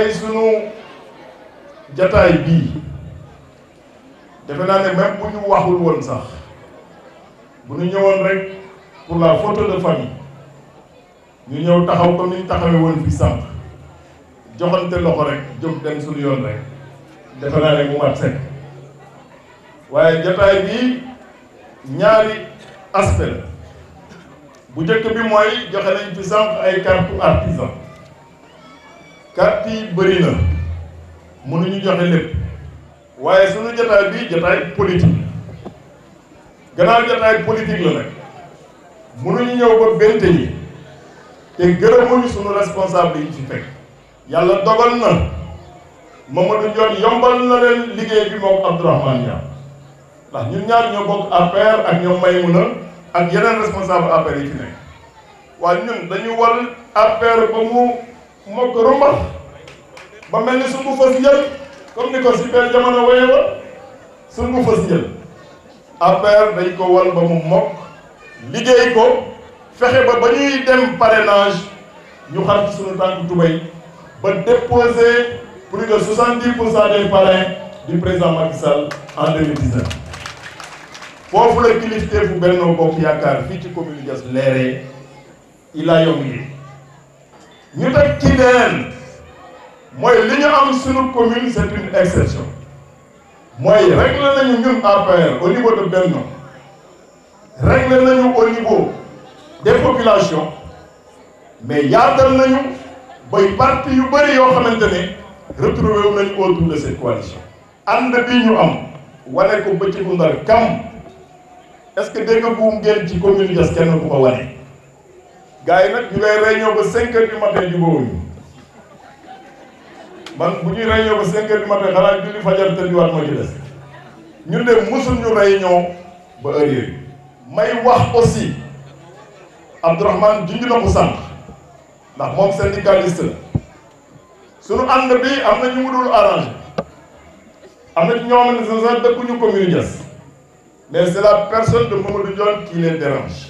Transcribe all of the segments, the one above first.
tey sunu jataay bii defe naa ne même bu ñu waxul woon sax bu ñu ñëwoon rek pour la photo de famille ñu ñëw taxaw comme ni ñu taxawee woon fii sànq joxante loxo rek jóg dem suñu yoon rek defe naa ne mu mat sekk waaye jataay bii ñaari aspect bu njëkk bi mooy joxe nañ fi sànq ay carte artisan carte yi bëri na mënuñu joxe lépp waaye suñu jataay bi jataay politique gannaaw jataay politique la nag mënuñu ñëw ba bente yi te gërëmuñu suñu responsable yi ci fekk yàlla dogal na Mamadou Ndione yombal na leen liggéey bi moom Abdourahmane Niang ndax ñun ñaar ñoo bokk APR ak ñoom Maymouna ak yeneen responsable APR yi fi nekk waaye ñun dañu war APR ba mu moo ko rumbax ba mel ni sumbu fas jël comme ni ko si benn jamono woye wa sumbu fas jël affaire dañ ko wal ba mu mokk liggéey ko fexe ba ba ñuy dem parrainage ñu xar ci suñu tànk tubay ba déposer plus de 70 pour cent des parrains du président Macky Sall en 2019 foofu la kilifteefu Benno Bokk Yaakaar fii ci commune leeree il a yomb yi ñu teg ci neen mooy li am suñu commune c'est une exception mooy réglé nañu ñun APR au niveau de Benno réglé nañu au niveau des populations mais yaatal nañu bay parti yu bëri ont xamante ne retrouvé wu nañu autour de cette coalition ànd bi ñu am wane ko bëccëgu ndar kam est-ce que dégg nga bu ngeen ci commune Diass kenn ku ko wane gars yi nag ñu réunion 5 heures du matin Il man bu ñuy réunion de 5 heures du matin xanaa julli fajar tëddiwaat ma ci des ñun de réunion ba heure may wax aussi abdourahman junj ndax syndicaliste la suñu ànd bi am ñu mu dul arrangé am na ci ñoo xam ne mais c'est la personne de Mamadou qui les dérange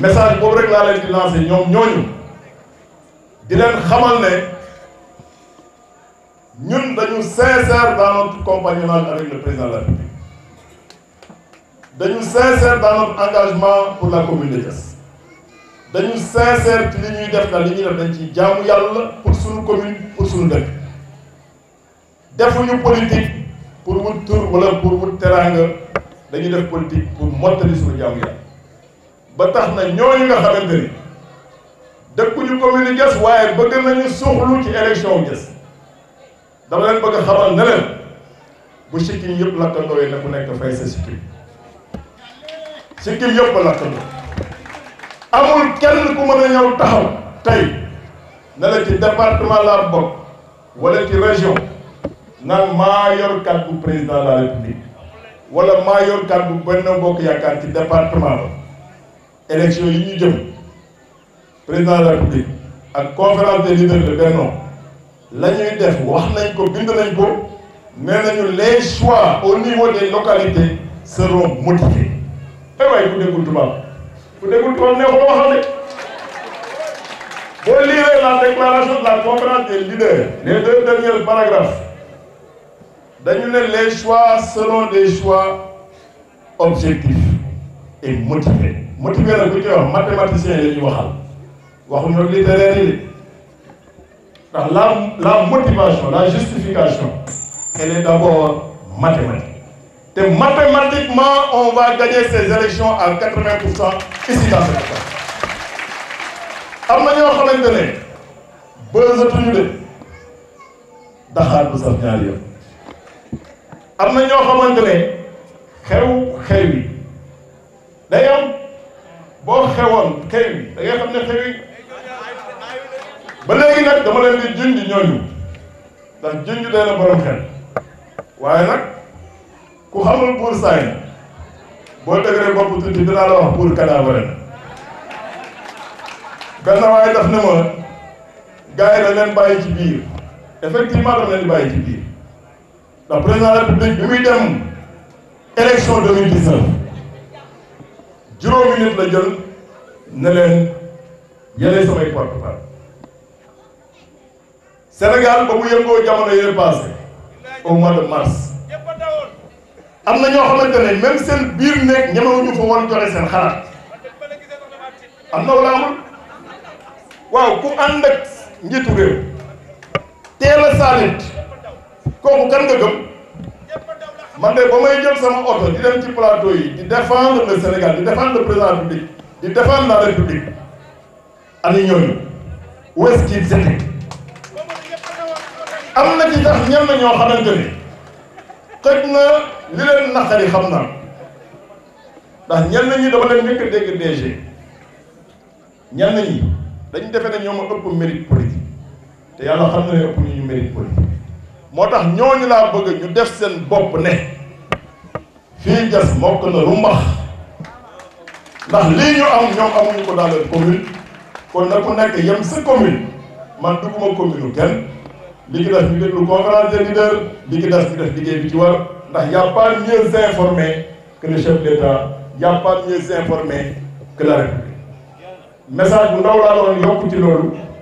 message boobu rek laa leen di lancé ñoom ñooñu di leen xamal ne ñun dañu sincère dans notre compagnonnage avec le président de la République dañu sincère dans notre engagement pour la commune de dañu sincère ci li ñuy def na li ñuy def dañ ci jaamu yàlla pour suñu commune pour suñu dëkk defuñu politique pour mu tur wala pour mu teranga dañuy def politique pour mottali suñu jaamu yàlla ba tax na ñooñu nga xamante ni dëkkuñu commune yi Diass waaye bëgg nañu suuxlu ci élection Diass dama leen bëgg a xamal ne leen bu sikkim yëpp lakkandooyee na ku nekk fay sa sikkim sikkim yëpp lakkandoo amul kenn ku mën a ñëw taxaw tey ne la ci département laa bokk wala ci région naan maa yor kàddu président de la république wala maa yor kàddu Benno Bokk Yaakaar ci département ba élection yi ñu président de la république ak conférence des leaders de Benno la ñuy def wax nañ ko bind nañ ko les choix au niveau des localités seront modifiés eh ay lisez ku déggul tubaab ku déggul tubaab ma waxal lire la déclaration de la conférence des leaders les deux derniers paragraphes dañu les choix seront des choix objectifs et motivé motivé nag bu ñu wax mathématicien la ñuy waxal la la motivation la justification elle est d'abord mathématique Et mathématiquement on va gagner ces élections à 80% ici dans cette am na ñoo xamante ne bësatuñu de daxaar bu sax ñaari yoon am na ñoo xamante day am boo xewoon xew yi xam ne xew yi ba léegi nag dama leen di junj ñooñu ndax junj na borom xel waaye nag ku xamul buur saay boo dëgëree bopp tuuti dinaa la wax buur kadaabare na waaye daf ne ma gars yi dañ leen bàyyi ci biir effectivement dañ leen di bàyyi ci biir ndax président la république bi muy dem élection 2019 juróomi nit la jël ne leen yeneen samay porte-parole Sénégal ba mu yëngoo jamono yooyu passé au mois de mars am na ñoo xamante ne même seen biir nekk ñemewuñu fa woon joxe seen xalaat am na wala amul waaw ku ànd njiitu réew teel a saa nit nga gëm. man de ba may jël sama oto di dem ci plateau yi di défendre le Sénégal di défendre le président de la République di défendre la République ana ñooñu où est-ce qu'ils étaient am na ci tax ñenn ñoo xamante ni xëj na li leen naqari xam naa ndax ñenn ñi dama leen njëkk dégg DG ñenn ñi dañ defe nañ ñoo ma ëpp mérite politique te yàlla xam ne ëpp ñu mérite politique moo tax ñooñu laa bëgg ñu def seen bopp ne fii jas mokk na lu ndax lii ñu am ñoom amuñu ko dans commune kon na ku nekk yem sa commune man duguma commune kenn li ki def ñu liggéey bi ci war ndax y' a pas mieux informé chef d' état y' a pas mieux la république message bu ndaw laa doon yokk ci loolu.